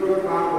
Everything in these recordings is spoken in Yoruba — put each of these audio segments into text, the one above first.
Senhor, Pai.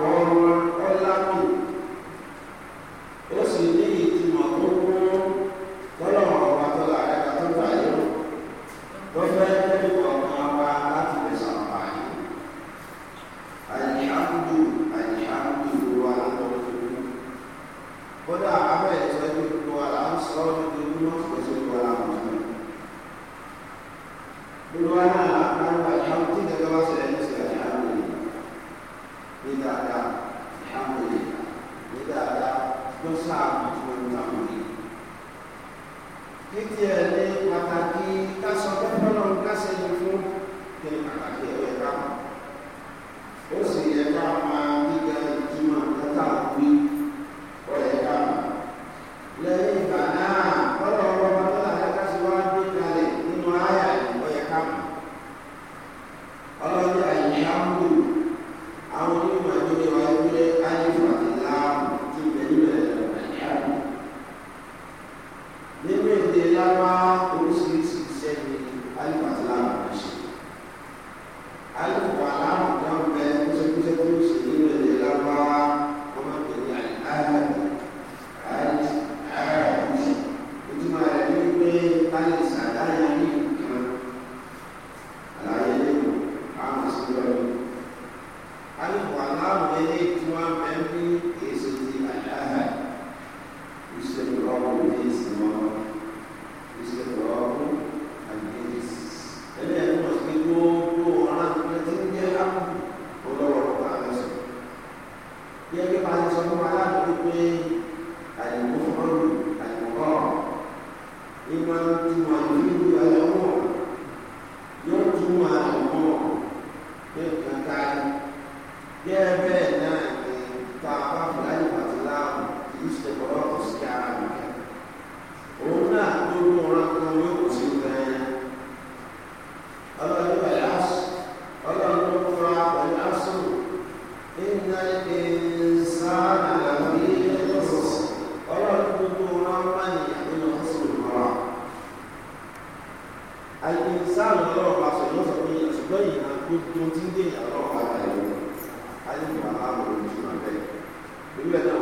àdúgbò ní nǹkan ká ní bẹ́ẹ̀ bẹ́ẹ̀ náà ní gbogbo tí ń dé ìyàwó ọ̀gá àtàlẹ́ àyè ìgbà máa ń wọlé jù bẹ́ẹ̀ nígbà náà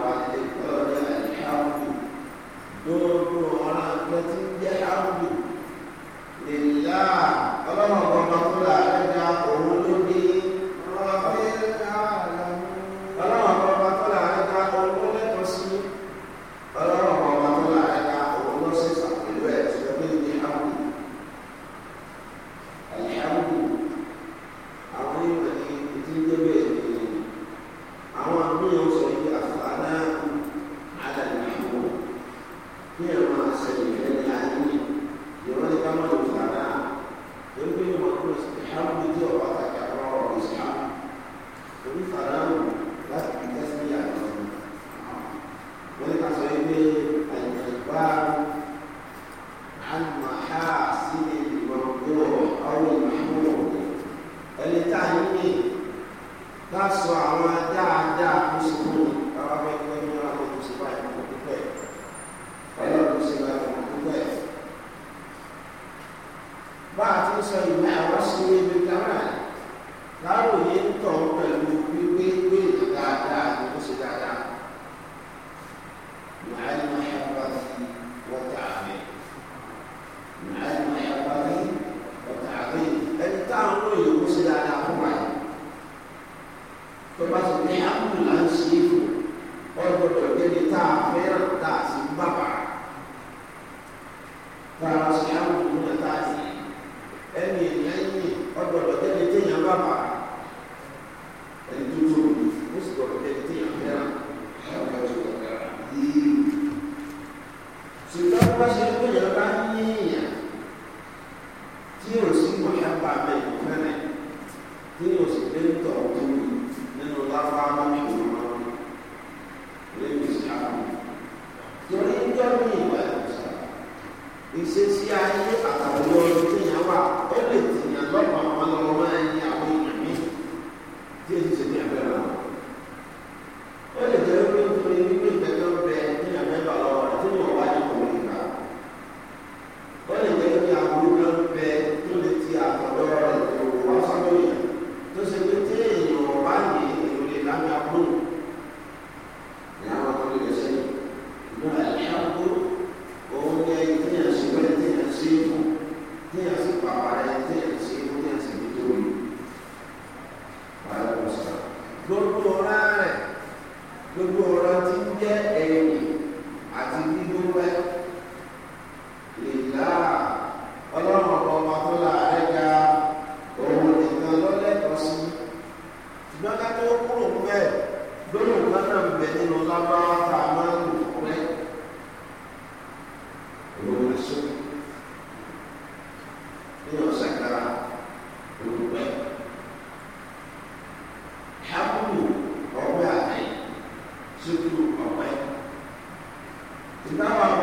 E na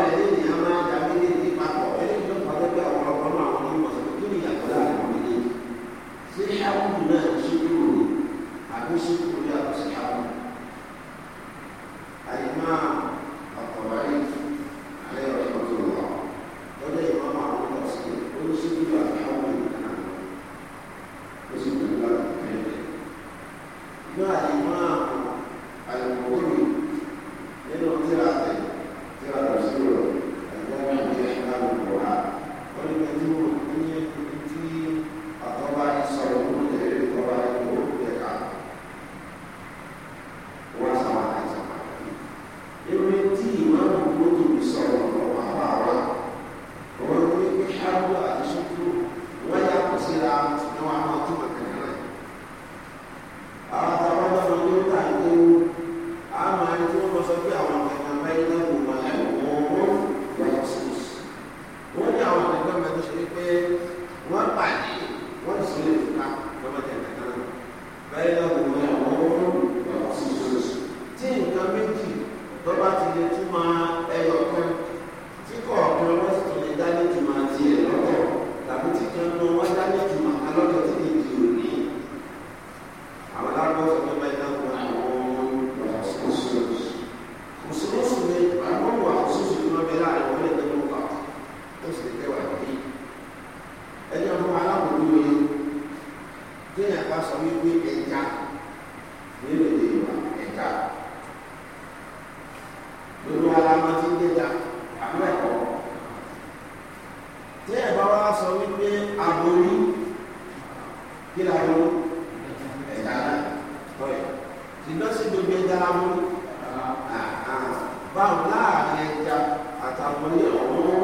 ìlọsí gbogbo ẹja lámú báwo láàrin ẹja àtàwọn ọmọ ní ọ̀rọ̀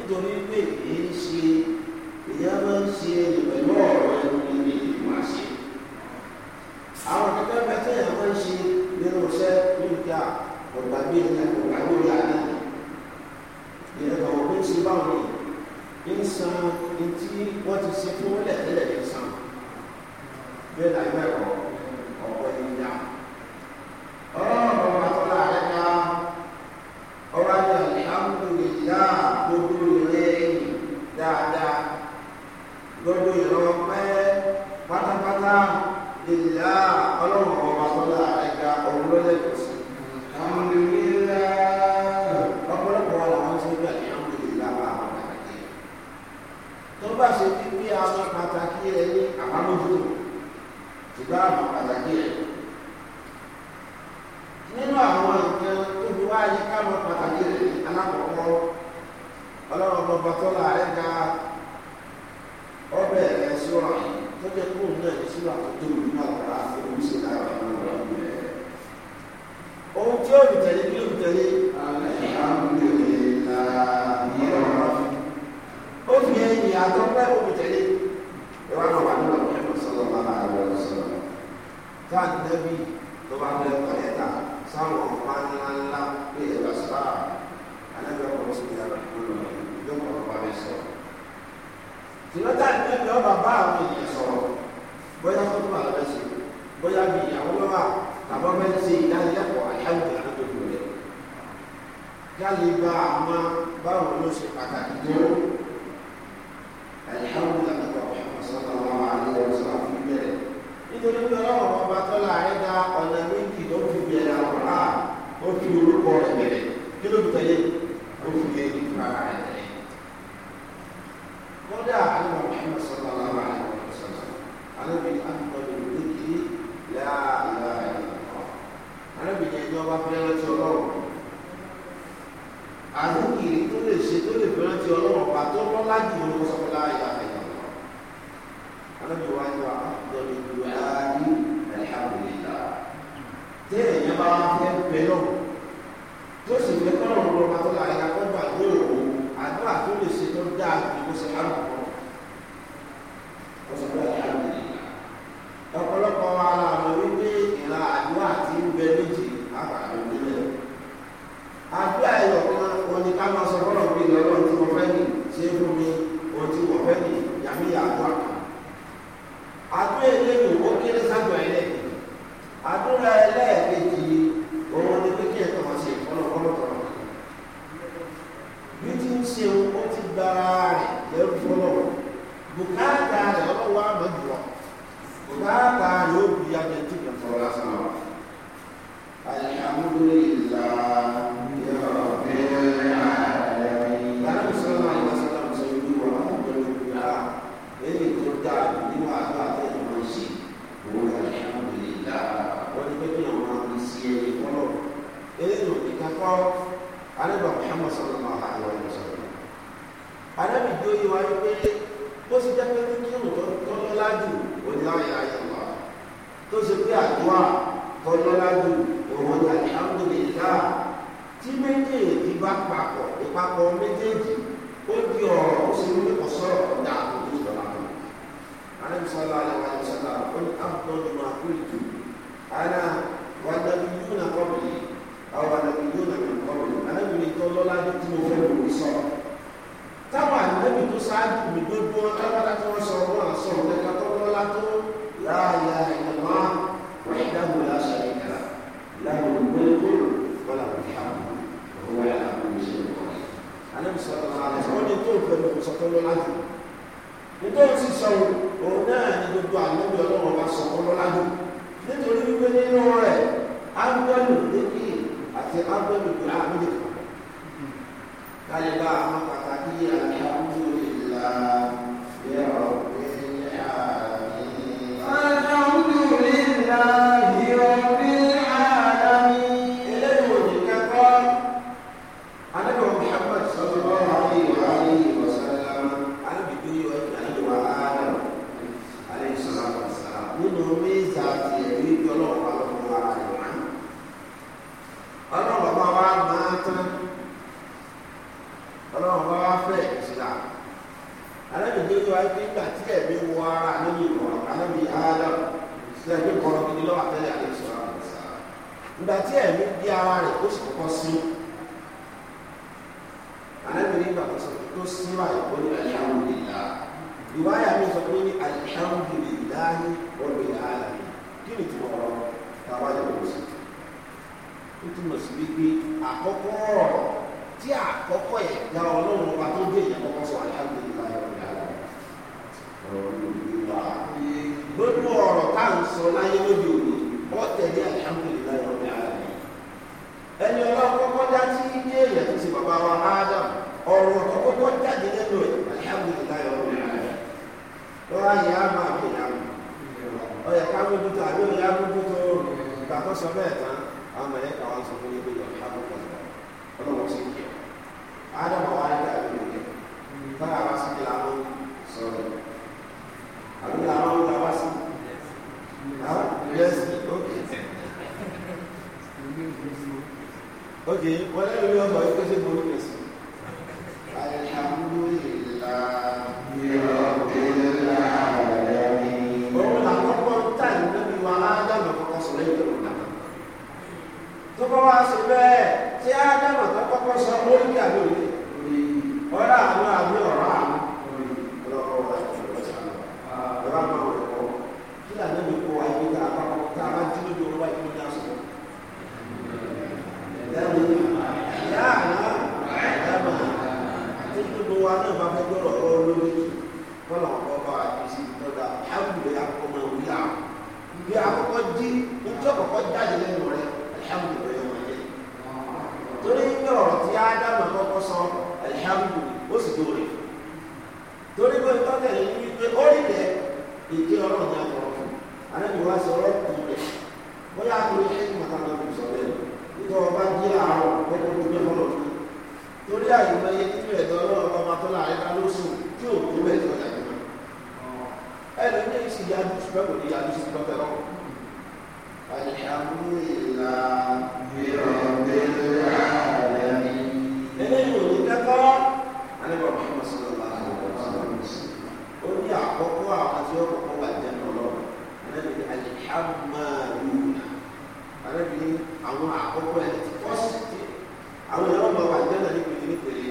nítorí pé èyí ń ṣe ìyá máa ń ṣe ẹ̀yìn pẹ̀lú ọ̀rọ̀ ẹnu níbi ìmọ̀ àṣẹ. àwọn akẹ́kọ̀ọ́ bẹ́ẹ̀ tẹ̀yà máa ń ṣe nínú iṣẹ́ nígbà ọ̀gbàgbé ẹ̀yà ọ̀gbàgbé ẹ̀yà náà. ìrẹ̀lẹ̀ àwọn ọ̀gbìn ṣe báwọn ní ń san ní tí wọ́n ti ṣe fún lẹ̀tẹ̀lẹ̀ ní san bẹ́ẹ̀ láì bẹ́ẹ̀ kọ́ wọn ti bẹ̀rẹ̀ kí ló fi tẹ̀lé ó fi lé fún ara rẹ̀ tẹ̀lé. wọ́n dá àwọn ọmọ sọ́dọ̀ aláwọ̀ àwọn sọ́dọ̀ alábì ana wà nàbìyúnà kọ́bìlì àwọn nàbìyúnà kọ́bìlì anábìyúnà tó lọ́lá ní tí mo fẹ́ lòdì sọ̀rọ̀ táwọn ànábì tó ṣáájú mi gbogbo wọn tábàlá tí wọ́n sọ̀rọ̀ wọn àsọ̀rọ̀ lẹ́ka tó lọ́lá tó láàyà ìlànà ìdáhùn láṣà ìkà láwọn olùgbẹ́lẹ́gbẹ́ wọn làwọn ìhàmù ọ̀wọ́ yà láwọn ìṣẹ̀lẹ̀ wọn. anábì sọ̀rọ̀ àwọn àlẹ́ nínú rẹ̀ ágbẹ́lù lébì àti ágbẹ́lù gbìlá méjì kálíbà àwọn pàtàkì àmì àwọn. máa bè náà ọ yẹ ká mójútó àbí òun yá mójútó ìgbà tó sọ bẹ́ẹ̀ tán àwọn mẹ̀lẹ́kà wa sọ fún ibi yọ̀ọ́ àkókò ọlọ́wọ́ sí kí ọ. ádámù wa dá ìlú rẹ̀ tára wá sí kí làwọn sọ̀rọ̀ àbí làwọn ń làwá sí. yẹ́sì ókè. ókè wọ́n lẹ́nu yóò sọ ìpèsè burúkú ṣe bẹ́ẹ̀ tí ádámà tó kọ́kọ́ sọ lórí ìdàgbò yìí ọ̀rọ̀ àwọn àmì ọ̀rọ̀ àmì ọlọ́kọ̀ wà lọ́wọ́ àwọn ọ̀rọ̀ kí lànà mi kọ́ ayé tá a bá kọ́ tá a bá dín lójú ọ̀rọ̀ ayé tó dá sọ. ìyá àná ádámà àti gbogbo wa náà bá fẹ́ gbọ́dọ̀ ọ̀rọ̀ lórí wọn làwọn kọ́ bá àti sí ìtọ́jà àbúrò àkọ́mọ ìyá àkọ́kọ́ jí ojú ọ̀kọ́kọ́ jáde lẹ́nu rẹ̀ alhamdulilayi ọ̀rọ̀ tí ádámà kọ́kọ́ sọ alihamudu ó sì dóore torí pé tọ́tẹ̀lẹ̀ ní wípé ó rí bẹ́ẹ̀ èdè ọlọ́run ní àtọ̀rọ̀ fún anábìrì wá sọ ọlọ́pàá rẹ̀ bóyá àtúrò ẹni màtá náà kò sọ bẹ́ẹ̀ nígbà ọba jí àárọ̀ gbọ́dọ̀ tó gbé fọlọ́ fún torí àyùmọ̀ iye títí ẹ̀dọ́ ọlọ́run ọba tó láàrin ká tí àwọn tí ọkọ̀ kọ́ wà jẹ́nu ọlọ́run ẹ̀rẹ́bí ni alihamaduna ẹ̀rẹ́bí ni àwọn àkọ́kọ́ ẹni tí fọ́sì ti àwọn ẹ̀rọ máa wà jẹ́nu nípele nípele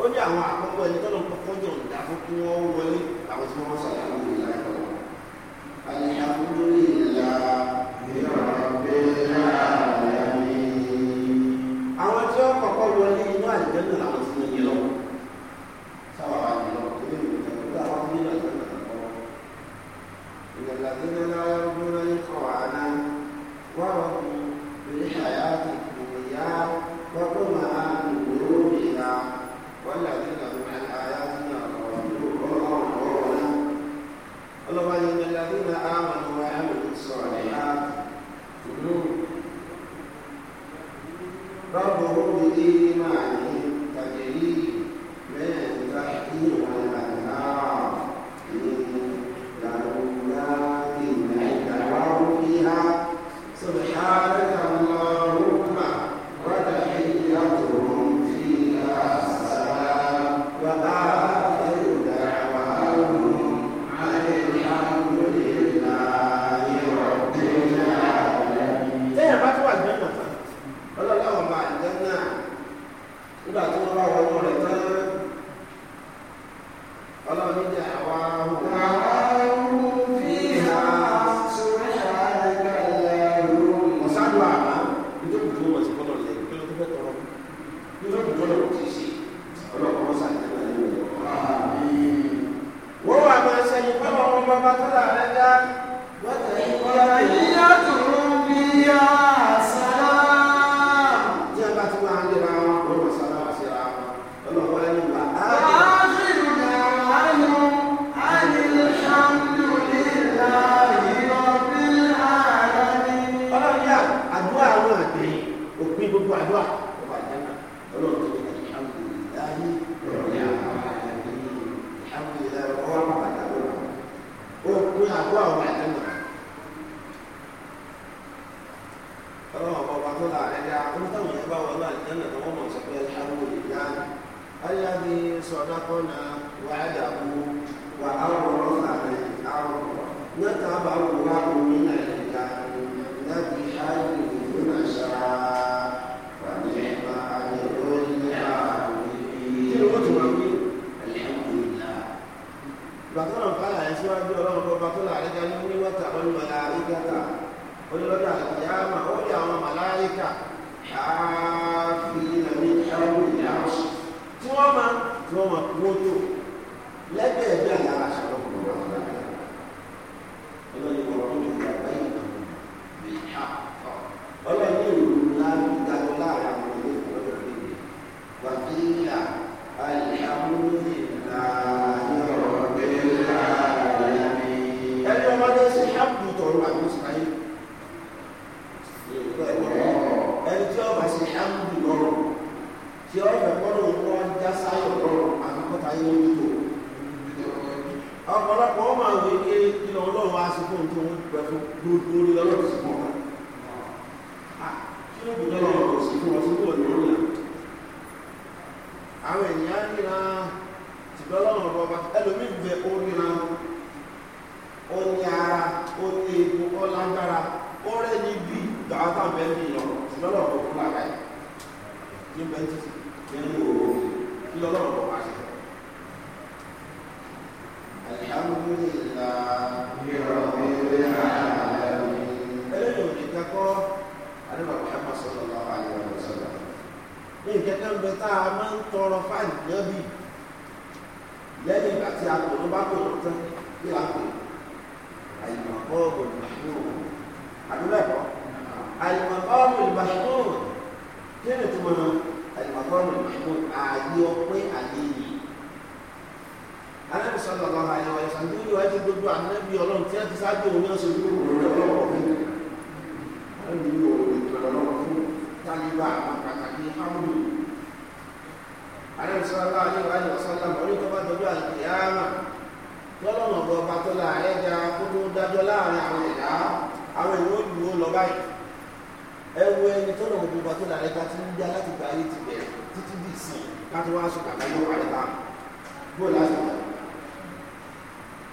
ó ní àwọn àkọ́kọ́ ẹni tọ́lọ́ kọ́kọ́ jọ̀ ń dá fún kí wọ́n wọlé àwọn tí wọ́n sọ̀rọ̀ صدقنا وعده وأورثنا الأرض نتبوأ من الجنة بحيث نشاء ونعم أجر العاملين الحمد لله بطل فلا يسوى الدولار بطل عليك المؤمن وتقول الملائكة قل لك القيامة قل يا ملائكة حال wọ́n máa kú ó tó lẹ́gbẹ̀ẹ́ ní ìkẹ́kẹ́ ń bẹ tá a máa ń tọrọ fáìlì náà bì lẹ́yìn ìgbà tí a kò ló bá kò ló tán kí a kò àyìnbó ọ̀gbọ̀n ìbàṣọ́ àdúrà ẹ̀kọ́ àyìnbó ọ̀gbọ̀n ìbàṣọ́ kí ni túmọ̀ náà àyìnbó ọ̀gbọ̀n ìbàṣọ́ ààyè ọpẹ́ ààyè yìí alẹ́ sọ̀rọ̀ lọ́wọ́ àyẹ̀wò ẹ̀sán tó yọ ẹtí gbogbo ànábì ọlọ́run tí wọ́n ti sáájú òun ní ọ̀sẹ̀ kálíbà àwọn pàtàkì ámúlò àrẹ́sọ́lá aléwájú ọ̀sọ́lá mọ̀rí tó bá dọjọ́ àìkìyàmà lọ́lọ́nà ọ̀bọ̀ ọba tó láàrẹ́ ga kó tó dájọ́ láàrin àwọn ẹ̀dá àwọn ìwé òyìnbó lọ báyìí ẹ wo ẹni tó lọ́wọ́ ọba tó láàrẹ́ ga tí ń dá láti gba ayé ti bẹ̀rẹ̀ títí dì sí i láti wá sùn kàkà yóò wà nípa bó láti wà.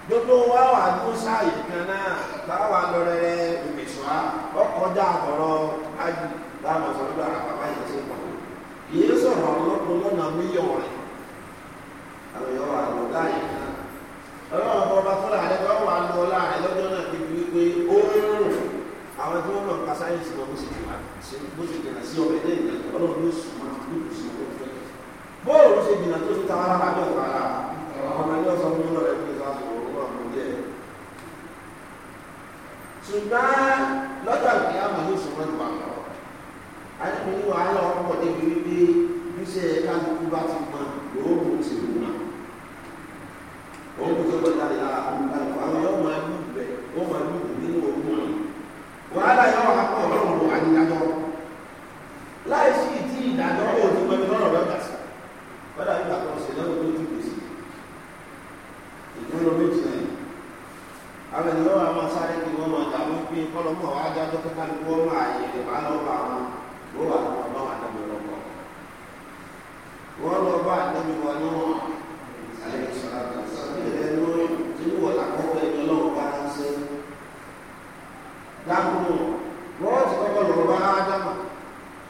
gbogbo wa wà ló sáàyè kan náà táwa lọ ìgbésùn á ọkọ̀ dá àtọ̀rọ̀ táwọn sọ nígbà àpapá yẹn ṣe pọ̀ kì í sọ̀rọ̀ àwọn ọlọ́pàá lọ́nà mílíọ̀n rẹ̀ àwọn èèyàn wà lọ láàyè náà ọlọ́run ọba fúnra rẹ̀ wọ́n wà lọ láàrin lọ́jọ́ náà débi wípé ó ń rùn àwọn tí wọ́n lọ pa sáyẹ́ǹsì wọn bó ṣe jìnnà bó ṣe jìnnà sí ọbẹ̀ dé ìlẹ̀ ọlọ́run ló sùn máa kú kù sí ọdún fẹ́ bóòlù ṣe jìnnà tó fi ta ara rà bẹ́ẹ̀ rárá ọmọ ilé ọ̀sán mú lọ rẹ̀ pé ṣùgbọ́n lọ́jà ìyá màá ló sùn wọn ìwà lọ́wọ́ àyẹ̀kọ́ ní wàhálà ọkọ̀ débi wípé bíṣẹ́ kálukú bá ti mọ lóògùn ti mú wa òògùn tó gbọ́dọ̀ àyà àlùkò àwọn yóò máa lù bẹ̀ ó máa lù nínú òògùn wọn wàhálà yóò wà pọ̀ lọ́rùn wọn àdìyàtọ̀ láì sí ìdí ìdájọ́ yóò ti gbẹmí lọ́rọ̀ rẹ̀ kàṣà wọ́n dàbí àkọsí lọ́wọ́ tó ti gbèsè ìdúró méjì náà àwọn ènìyàn wà máa sáré kí wọ́n máa dààmú pé kọ́lọ́mù àwọn adájọ́ kọ́kọ́ ni wọ́n máa yẹ̀rẹ̀ bá lọ́wọ́ àwọn ó wà lọ bá wà lọ́dọ̀ lọ́dọ̀ wọ́n lọ bá àdébí wọn ní wọn àlejò sọ̀rọ̀ àtàwọn ìlẹ̀ lórí nínú wọn àkọ́kọ́ ẹni ọlọ́run bá ń ṣe dáhùn wọ́n ti kọ́kọ́ lọ bá ádámà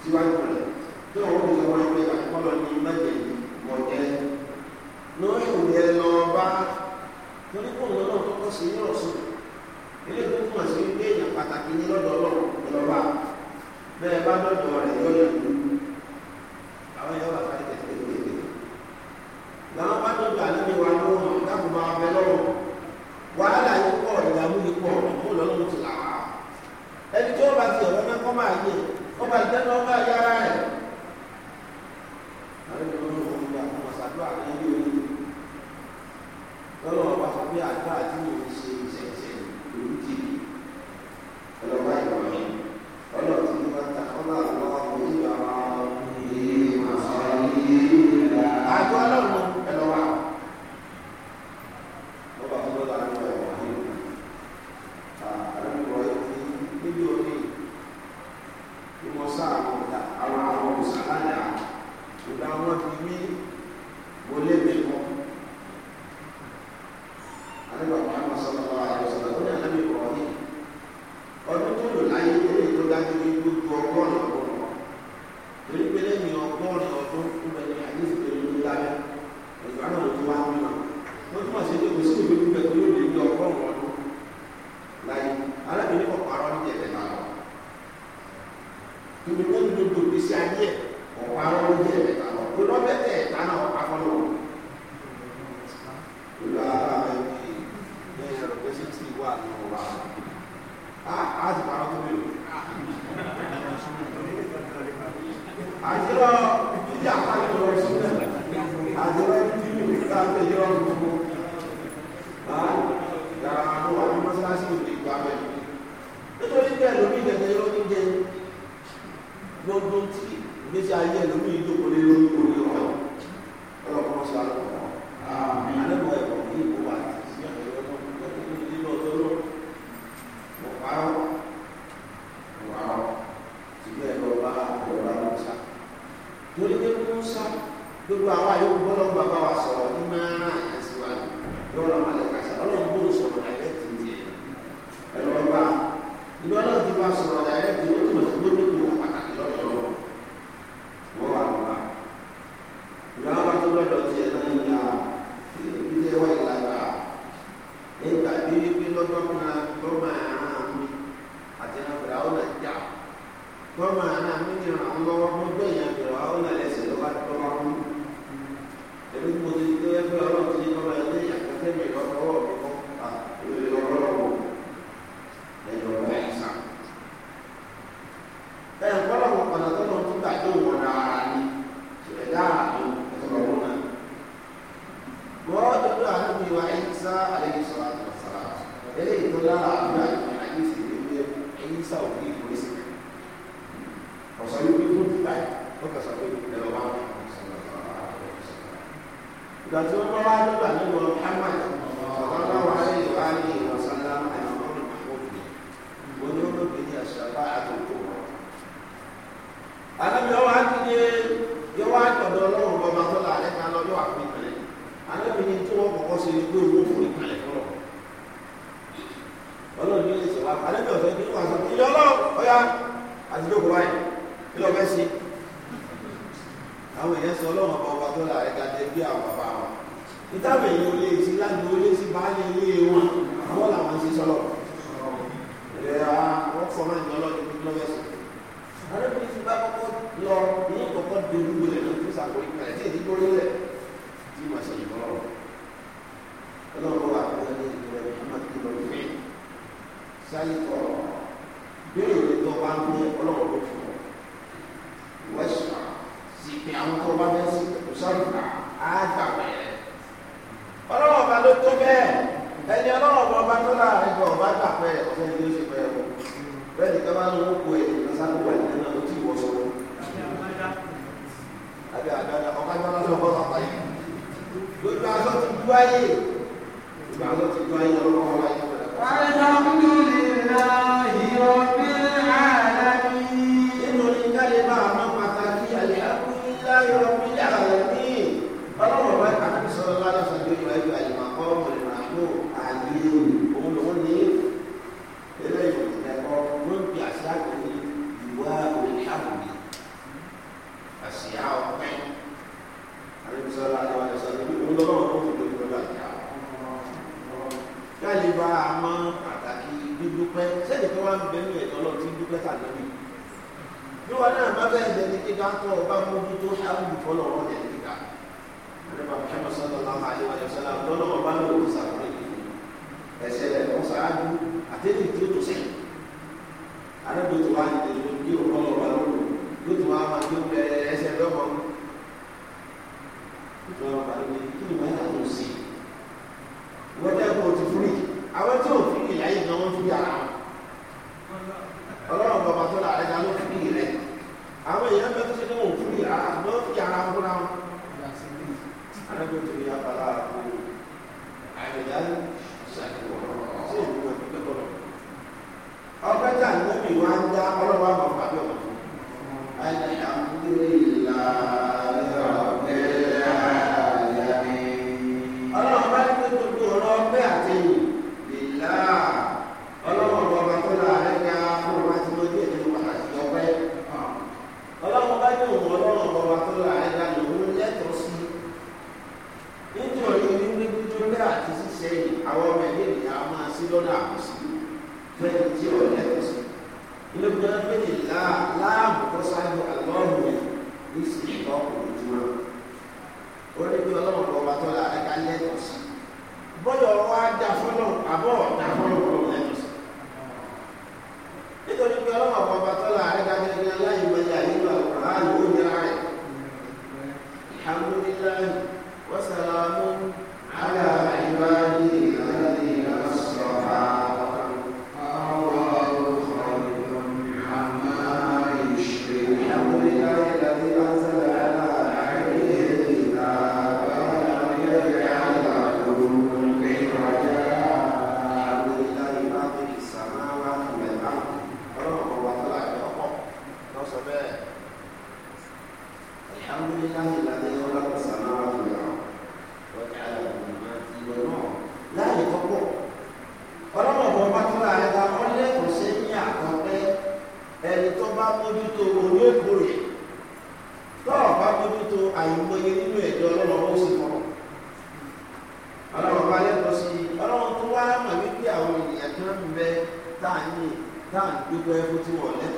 síwájú rẹ̀ tó wọ́n ti sọ wọn pé àkọ́kọ́ ní mẹ́jẹ̀ wọ́n jẹ́ lórí ìwé lọ bá torí 那按照多少？lára ibi lẹ́yìn ọ̀rọ̀ pé ṣé tí wà ní ọ̀rọ̀ àwọn á sì parọ́ tó bèrè. àjọ ìjà àjọ ọ̀rọ̀ sílẹ̀ àjọ ẹbí mi níta pé yọ ọ̀rọ̀ gbogbo yàrá àwọn wà ní mọ́sálásí òde ìgbà bẹ̀rẹ̀ nítorí bẹ́ẹ̀ lómi ìdẹ̀tẹ̀ yọ ní jẹ gbogbo tí ìgbésí ayé lómi ìdókòó lé lórí ṣe gbé owó fún ìkàlẹ̀ fún ọ. ọlọ́run ní ìṣẹ̀ wa alẹ́ bí ọ̀sẹ̀ ní wà sọ ilé ọlọ́run ọ̀yà àti lóko wáyé kí lọ́ọ́ fẹ́ ṣe. àwọn èèyàn sọ ọlọ́run ọba ọba tó la ẹ̀ka jẹ bí àwọn bàbá wọn. ìtàbẹ̀ yìí olè sí láti olè sí baálé ilé wọn àwọn làwọn ń ṣe sọlọ. ìrẹ̀lá wọn fọ náà ní ọlọ́run ní lọ́wọ́ ẹ̀sìn. arábìnrin ti bá kọ́kọ́ lọ ní kọ́kọ́ 加一个。bá mójútó òní èkó rè tó o bá mójútó àìmọye nínú ẹ̀jọ́ ọlọ́run ó sì mọ̀ ọlọ́run bá lẹ́tọ̀ọ́ sí i ọlọ́run tó wá mọ̀ wípé àwọn ènìyàn kan ń bẹ tá à ń ń gbégbé ẹkú tí wọ́n lẹ́tọ̀ọ́.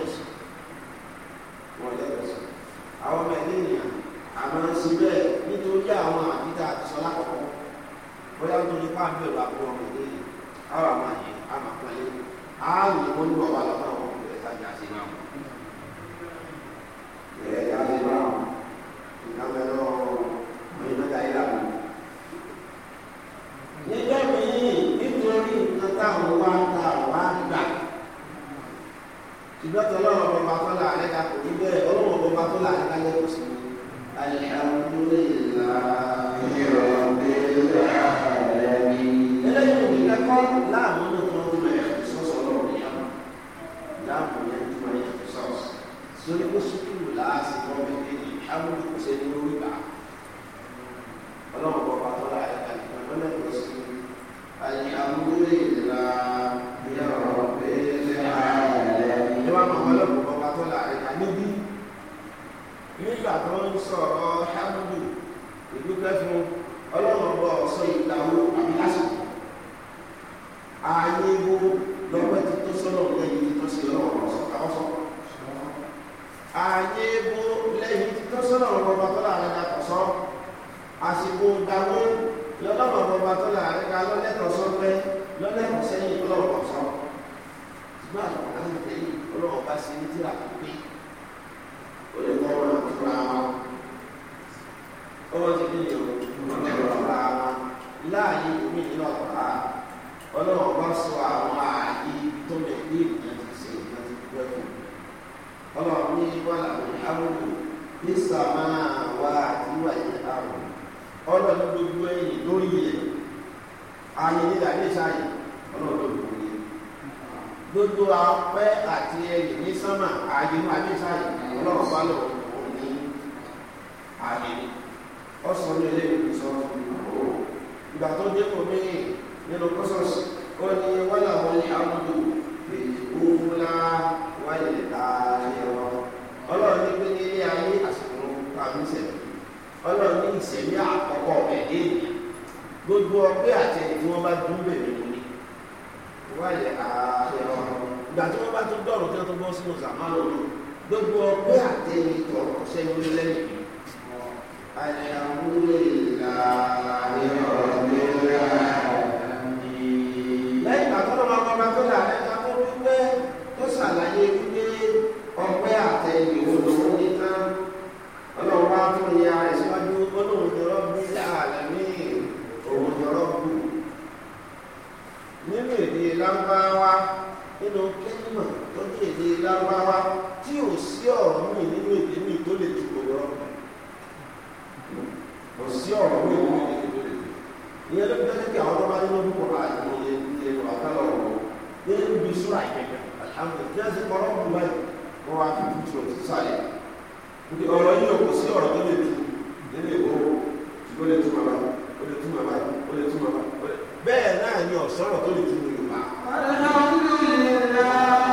láàyè omi nínú ọ̀pá ọlọ́run bá sọ àwọn ààyè tó lè ní ìyẹn ti ṣe ìyẹn ti pẹ́ fún ọlọ́run ní wàhálà òní àwòrán ní sàmà wà àdúrà yẹn àwòrán ọlọ́run gbogbo ẹ̀yìn lórí yẹn ààyè nígbà ní sáyẹn ọlọ́run gbogbo yẹn gbogbo apẹ́ àti ẹ̀yìn ní sánmà ààyè nígbà ní sáyẹn ọlọ́run bá lọ́wọ́ òní ààyè ọ̀sán ní ẹlẹ́yìn sọ́ọ́ fún mi ìgbà tó dé kò ní nínú kọ́sọ̀sì ó ní wọ́n làwọn ní amúlò èyí òwúlá wáyé láàyè wọn ọlọ́run ní pé ní ilé ayé àsìkò pàmì sẹ̀lẹ̀ ọlọ́run ní ìsẹ̀mí àkọ́kọ́ ẹ̀dẹ́ ènìyàn gbogbo ọgbẹ́ àti ẹni tí wọ́n bá dún bẹ̀rẹ̀ lónìí wáyé láàyè wọn ìgbà tí wọ́n bá tún dọ̀rọ̀ kí wọ́n tún bọ́ sínú sàmánù gbogbo ọgbẹ́ àti ẹni tọ̀rọ̀ sẹ́yìn lẹ́yìn àyàwó lè láàyè wọn. tó yẹ ara ìsíwájú ọlọ́run ni rọ́bù láàlámì òun ni rọ́bù nínú èdè lárúbáwá nínú kẹ́límà tó ní èdè lárúbáwá tí ò sí ọ̀rọ̀ mi nínú èdè mi tó lè ju òun rọ́bù kò sí ọ̀rọ̀ mi nínú èdè tó lè ju ìyẹn ló dé kí àwọn ọba nínú púpọ̀ àìmọ̀ yẹn yẹn wà kálọ̀ ọ̀rọ̀ yẹn ń bi sọ́ra ìgbẹ̀gbẹ̀ àlàmù ìjẹ́sí kọ́ rọ́bù báyìí wọ́n wá fi kú tí o ti sáyẹ̀ níbi ọ̀rọ̀ yìí kò sí ọ̀rọ̀ tó lè tu nínú ìwọ ṣùgbọ́n lè tún bàbá ó lè tún bàbá ó lè tún bàbá bẹ́ẹ̀ náà ni ọ̀sán ọ̀rọ̀ tó lè tu ní Yorùbá. alhamdulilayi.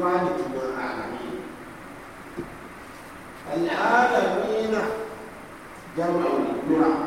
يعلم العالمين العالمين جمع للعالمين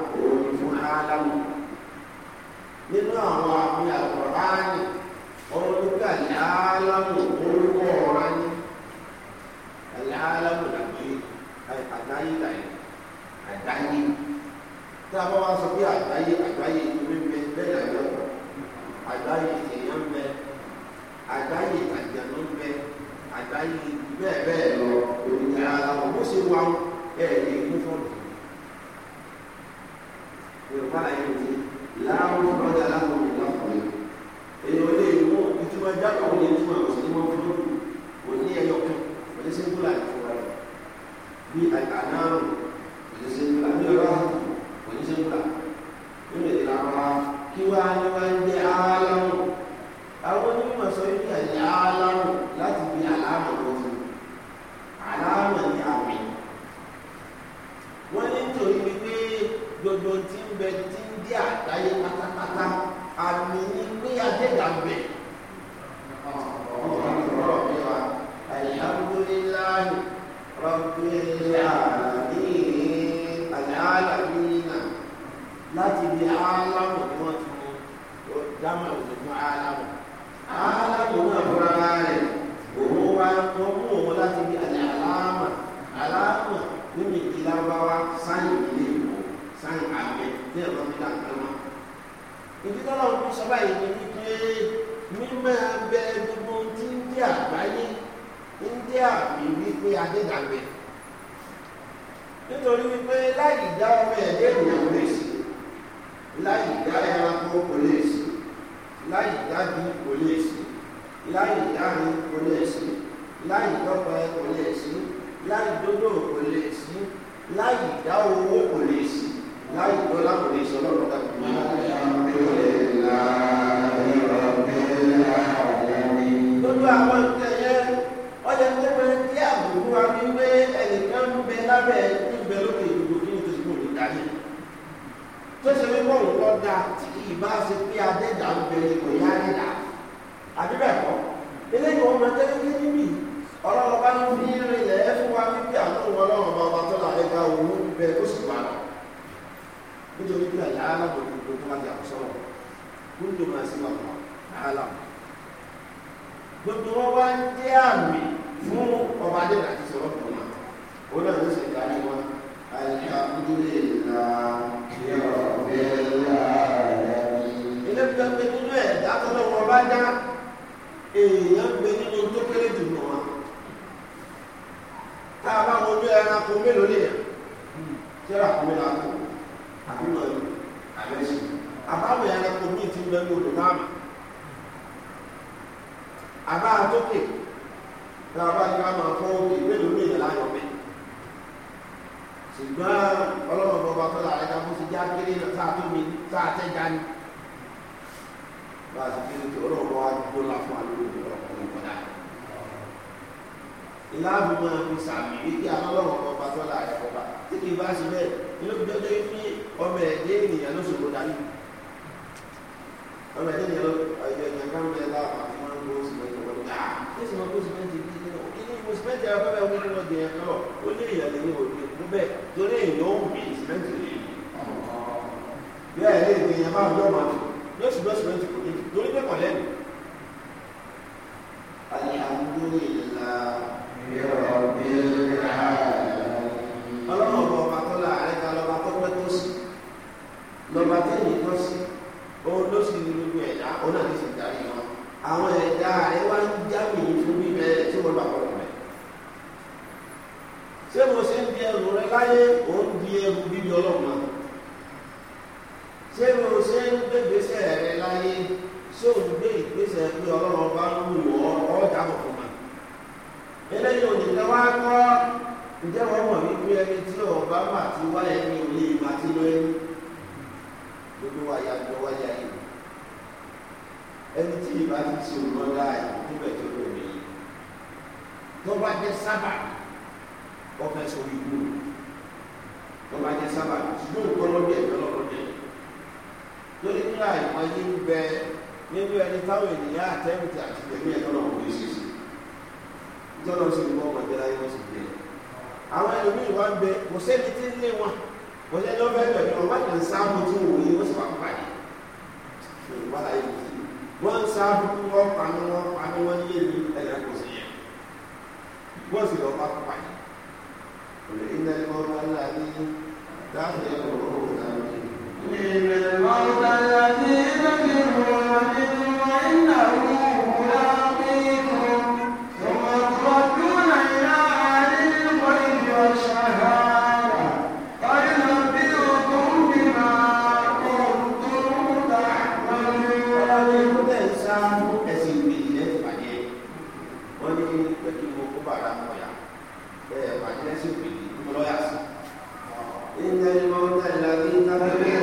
ariwo kò lè sí láì dájú kò lè sí láì dáhùn kò lè sí láì dọ́gba kò lè sí láì dódò kò lè sí láì dá owó kò lè sí láì dọ́là kò lè sí ọlọ́run tàbí lójú àwọn nǹkan yẹn ọjà tó bẹ tí àbùkù wa fi wé ẹnìkan ń bẹ lábẹ́ ń bẹ lókè ìdìbò kí n tó ti kúrò ní dání tó ṣe wípé òun kọ́ dáa ìbá ṣe pé adẹ́dà ń bẹ ipò ìyá adẹ́dà àbí bẹ́ẹ̀ kọ́ eléyìí wọn máa tẹ́lẹ̀ pé níbi ọlọ́run bá ní ní ilẹ̀ ẹ fún wa wípé àlọ́ ọlọ́run bá wa tọ́lá ẹ̀ka òun bẹ ó sì wà nítorí pé àyà alábòkú tó bá ti àkọsọ́rọ̀ kúndùn máa sí wàhálà àhálà gbogbo wọn wá ń jẹ́ àmì fún ọba adẹ́dà ti sọ̀rọ̀ fún wa ó náà ló ṣe ìdájọ́ wa alihamudulilayi yọrọ. lágbájá èèyàn gbé nínú tó kéré jù nù wọn tá a bá wọn ní ẹranko mélòó nìyẹn tí ẹranko mélòó àti àbí wọn yìí àbẹ́sì àbáwọn ẹranko míì ti ń bẹ ní odò náà mà àbá àtòkè tá a bá yọ àmà fọ́ òkè mélòó nìyẹn láyọ̀ mẹ́ ṣùgbọ́n ọlọ́run ọba tó la ẹ̀ka fún ti já kéré náà tá a tó mi tá a tẹ́ já ni bá a ti kí ni kí ọlọ́run wá dúró láfún alóòrò ní ọkùnrin kọ́dà. ilá mi máa fi sàmì wípé alọ́lọ́run kan bá tọ́lá rẹ̀ kọ́ bá tí kì í bá ṣe bẹ́ẹ̀ inú bí dọ́dọ́ fi ọmọ ẹ̀dẹ́ ènìyàn ló ṣòro darí. ọmọ ẹ̀dẹ́ ènìyàn ọ̀yọ̀ ènìyàn kan bẹ́ẹ̀ láàbà fún wọn kó sì mẹ́tò wọn dá. Ah, kí sì máa kó sì mẹ́tò bí kí ni yóò sì lọ́sì lọ́sì kò ní lórí pé kọ̀ alhamdulillah rabbil alamin. ọlọ́run ọba ọba tó láàárẹ̀ ká lọ́ba tó pẹ́ tó sí lọ́ba tẹ́yìn tó sí òun ló sì ní gbogbo ẹ̀dá òun náà ti sì darí wọn. àwọn ẹ̀dá rẹ̀ wá ń jáwé yìí fún mi bẹ́ẹ̀ tí wọ́n bá kọ́ ń gbégbèsè rẹ láyé ṣé ò ń gbé ìgbésẹ̀ pé ọlọ́run bá ń wù ọ́ ọ̀dà ọ̀fun mà eléyìí ò ní kẹ́ wá kọ́ ǹjẹ́ wọ́n mọ̀ wípé ẹni tí ọba mà ti wá ẹni ò lè má ti lọ ẹni gbogbo wáyà gbogbo wáyà yìí ẹni tí ìbá ti ṣe òun níbẹ̀ tó lò ní tó bá jẹ́ sábà ọ̀fẹ́ ìlú tó bá jẹ́ sábà ṣùgbọ́n ìkọlọ́bí ẹ̀fẹ́ lórí pé àìmọ̀ yí ń bẹ nínú ẹni táwọn ènìyàn àtẹ́wìtì àti tẹ̀mí ẹ̀ tọ́lọ̀ kò sí sí tọ́lọ̀ sí ìwọ ọmọdé láyé wọ́n sì gbé àwọn ẹlòmíì wá ń bẹ kò sẹ́ni tí ń lé wọn kò sẹ́ni ó bẹ́ẹ̀ bẹ̀rẹ̀ wọn bá kàn sáàbù tí wò yí wọ́n sì wá pàdé. wọ́n ń sáàbù kí wọn panu wọn ní èyí ẹ̀yà kò sí wọ́n sì lọ bá pàdé. òlè ìdánimọ̀ máa ń إن الموت الذي تبرئ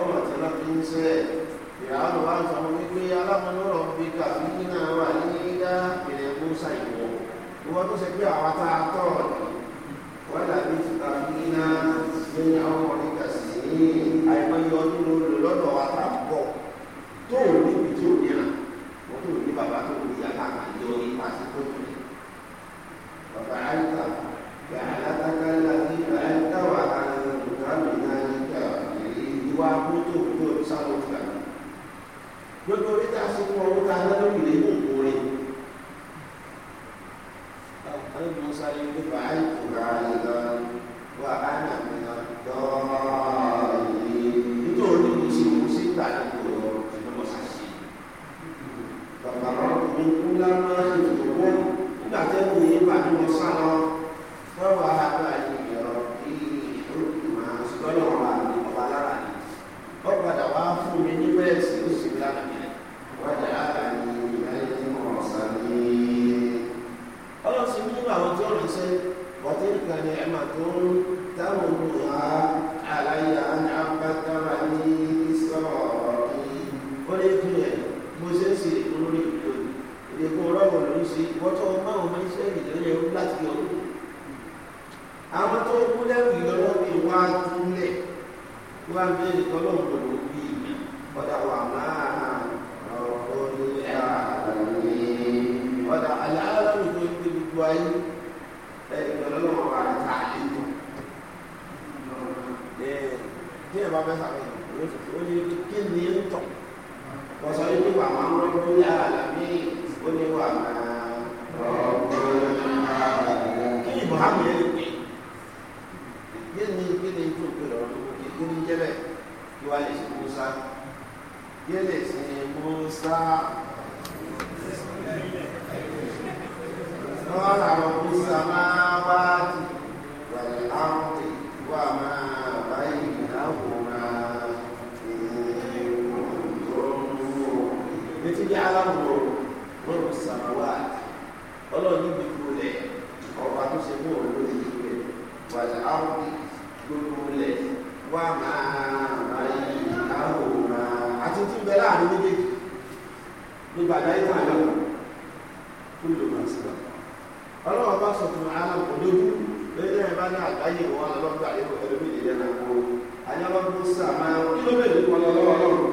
ọmọ tí wọ́n fi ń sẹ́ ìràwọ̀ wá sọ wọn wípé alámọ̀lọ́rọ̀ ń bí ká ní náà wà ní ìdá ìrẹ̀ musa ìwọ̀ ìwọ́n tó ṣe pé àwọn tá a tọ̀ wọ́n dàbí ìtura ní náà ṣe àwọn ọ̀rẹ́ kà sí ní àìmọye ọdún lórí lọ́dọ̀ wa tá a bọ̀ tó ò níbi tí ò ní rà wọ́n tó ò ní bàbá tó ò ní yàtà àjọ ipa tó tó ní bàbá àyíká bó ṣe ń ṣe olórí ìlú èdè kan ọlọ́run ló ń ṣe ìwọ́tọ̀ máwọn ọmọ iṣẹ́ ìdílé yẹ ó láti ọdún àwọn tó kú lẹ́rù ìlọ́wọ́ mi wá túlẹ̀ wá bẹ́ẹ̀ nìkan lọ́wọ́ pẹ̀lú bí ọ̀dà wà máa ọ̀rọ̀ ilé ọ̀dà aláàbò tó ń gbé gbogbo ayé ẹ̀ẹ́dọ̀ lọ́wọ́ wà tá a lè bá bẹ́ẹ̀ sàkóso kí ni ń tọ̀ wọ́n sọ yìí pípa àwọn ọmọ ìlú yàrá bí ó ní wà ni buhari yẹn lè pè é ní kí ni tó pè lọ́wọ́ tó kí kí ni jẹ́bẹ̀ kí máa báyìí. létí bí aláwọ̀ lóru sàmáwá ọlọ́run níbi kúrò lẹ̀ ọba tó ṣe mú òun lórí ìlú rẹ̀ wàjà áwùn gbogbo lẹ̀ wà máa báyìí áwùn máa àti tí bẹ́ẹ̀ láàrin méjèèjì ní bàbá yìí wà lọ́wọ́ kó ló máa sọ. ọlọ́run bá sọ fún aláwọ̀ lójú lẹ́yìn náà bá ní àgbáyé wọn lọ́gbà yìí wọ́n ẹlòmíì náà kó ayọ́lọ́gbó sàmáwá kí ló bẹ̀rẹ̀ wọn lọ́wọ́ lọ́wọ́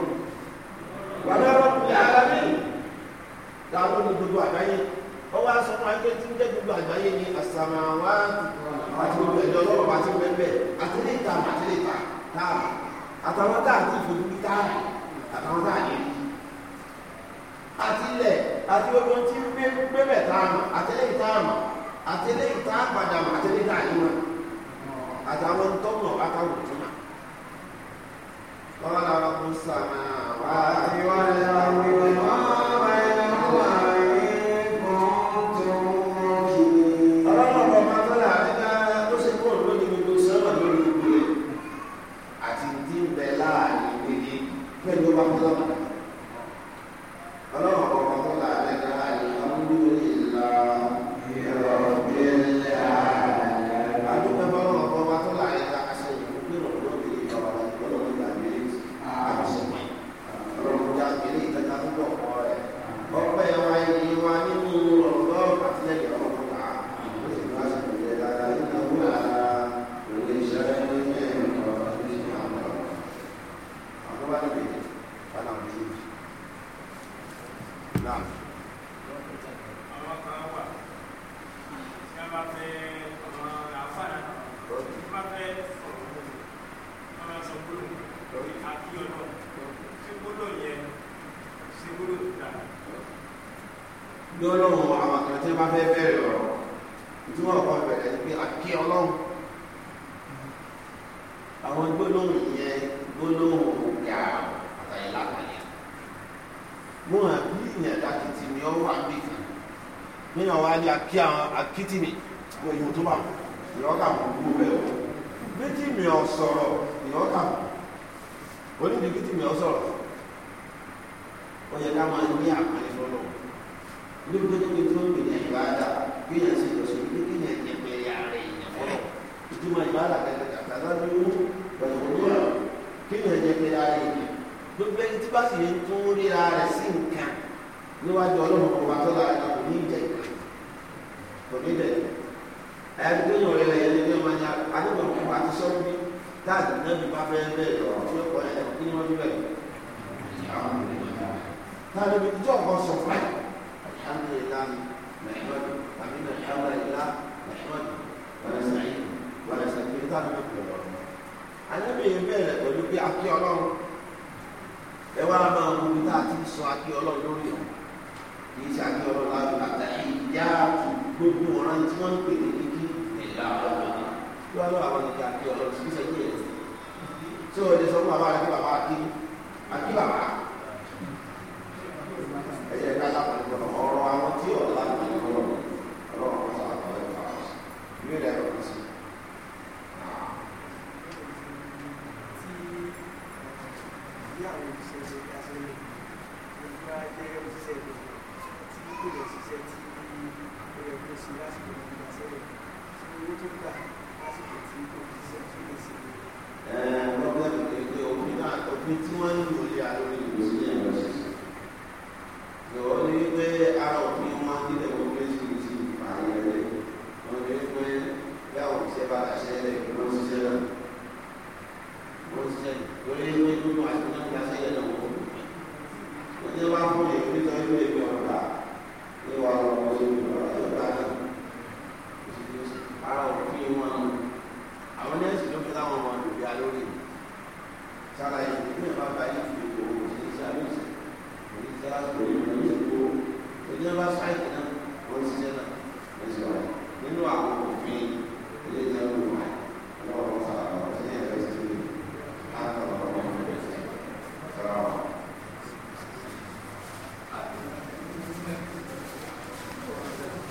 wà ní ọ̀rọ̀ kùlẹ̀ ara mi làwọn olùgbogbo àgbáyé ọwọ́ aṣọ fún akẹ́ tí ń jẹ́ gbogbo àgbáyé ní àsàmà wá àti gbogbo ẹ̀jọ́ lọ́wọ́ bá ti ń bẹ́ẹ̀ àti lè ta àti lè ta ta àtàwọn tá àti ìfojú bí ta àtàwọn tá àti ìfojú àti ilẹ̀ àti ogun tí ń gbé gbé bẹ̀ tá a mọ̀ àti lè ta a àti lè ta a àti lè ta àyè mọ̀ àtàwọn tọ́mọ̀ àtàwọn tó mọ̀. kí àwọn akitimi táàgì náà bí bá fẹ́ bẹ́ẹ̀ lọ tí ó kọ́ ẹ̀ kí ni wọ́n fi bẹ́ẹ̀ náà lóbi tí ó kọ́ sọ fún ẹ̀ alhamdulillah mẹ́hìmọ́dù àbí mẹ́hìmọ́dù mẹ́hìmọ́dù wàlẹ́sàáyé wàlẹ́sàáyé táàgì náà bí lọ. àlẹ́bí yẹn bẹ̀rẹ̀ pẹ̀lú pé akí ọlọ́run ẹ wá máa wo bí tá a ti sọ akí ọlọ́run lórí ọ̀ tí wọ́n ń pè ní kíkí ìlà ọ̀rọ̀ yìí wọ́n lọ́wọ́ tí o lè sọ fún bàbá rẹ kí bàbá akíní akí bàbá ẹ̀yẹ ká lápá ní kọ́nà ọ̀rọ̀ àwọn tí ò lápá ní kọ́nà ọlọ́run kan sábà kọ́ ẹ̀ka ọ̀sán ìwé ìlẹ̀ ẹ̀rọ kan sí. Thank you. one